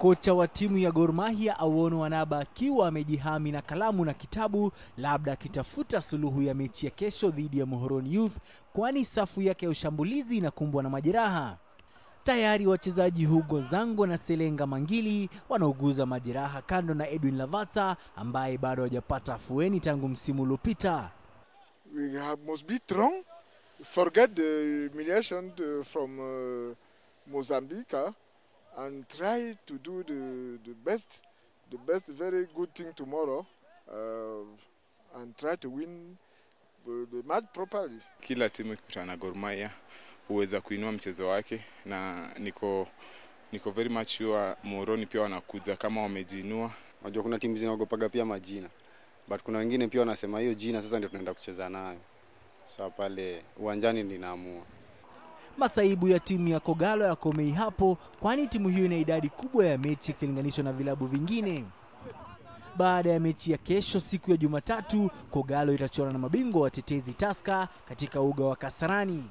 Kocha wa timu ya Gor Mahia Auono Wanaba akiwa amejihami na kalamu na kitabu, labda akitafuta suluhu ya mechi ya kesho dhidi ya Muhoroni Youth, kwani safu yake ya ushambulizi inakumbwa na majeraha. Tayari wachezaji Hugo Zango na Selenga Mangili wanauguza majeraha, kando na Edwin Lavasa ambaye bado hajapata afueni tangu msimu uliopita. Forget the humiliation uh, from uh, Mozambique. Uh, and try to do the, the best, the best very good thing tomorrow uh, and try to win the, the match properly. Kila timu ikikutana na Gor Mahia huweza kuinua mchezo wake, na niko niko very much sure Moroni pia wanakuja kama wamejiinua. Unajua kuna timu zinaogopaga pia majina, but kuna wengine pia wanasema hiyo jina sasa ndio tunaenda kucheza nayo. sawa. so, pale uwanjani ninaamua Masaibu ya timu ya Kogalo yakomei hapo, kwani timu hiyo ina idadi kubwa ya mechi ikilinganishwa na vilabu vingine. Baada ya mechi ya kesho siku ya Jumatatu, Kogalo itachuana na mabingwa watetezi Taska katika uga wa Kasarani.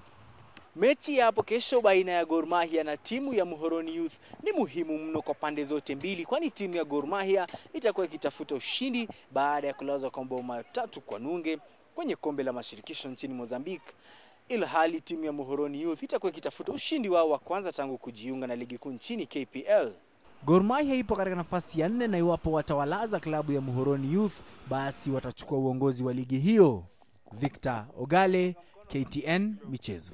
Mechi ya hapo kesho baina ya Gor Mahia na timu ya Muhoroni Youth ni muhimu mno kwa pande zote mbili, kwani timu ya Gor Mahia itakuwa ikitafuta ushindi baada ya kulazwa kwa mabao matatu kwa nunge kwenye kombe la mashirikisho nchini Mozambique ilhali timu ya Muhoroni Youth itakuwa ikitafuta ushindi wao wa kwanza tangu kujiunga na ligi kuu nchini KPL. Gor Mahia ipo katika nafasi ya nne na iwapo watawalaza klabu ya Muhoroni Youth basi watachukua uongozi wa ligi hiyo. Victor Ogale, KTN Michezo.